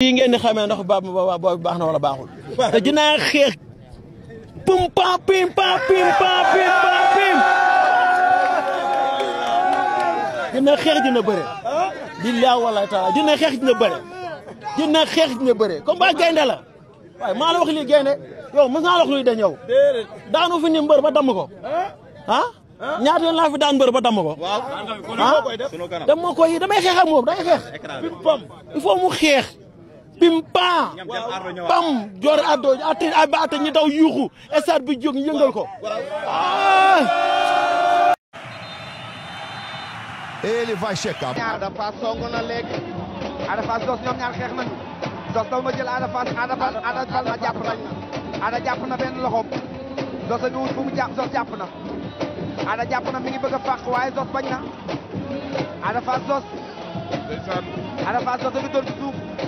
lii ngeen di xamee ndax boobu baax na wala baaxul te dinaa xeex pum pam pim pam pim pam pim pam pim dina xeex dina bëre billaa wala taala dina xeex dina bëre dina xeex dina bëre comme ba gaynde la waaye maa la wax lii gaynde yow mës naa la wax luy dañ yow daanu fi ni mbër ba damm ko ah ñaata yoon laa fi daan mbër ba damm ko ah dama koy damay xeex ak moom day xeex il faut mu xeex pimpa pam jor addo ati ba ati ñi daw yuxu estar bi jog yëngal ko ah! Ele vai checar. Ada Fass songu na léegi. Ada Fass dos ñoom ñaar xeex nañu. Dos daw Ada Fass Ada Fass Ada Fass jàpp nañ na. Ada jàpp na benn loxoom. Dos a ngi wut fu mu jàpp dos jàpp Ada jàpp na mi ngi bëgg a fàq waaye dos bañ Ada Fass Ada Fass dos a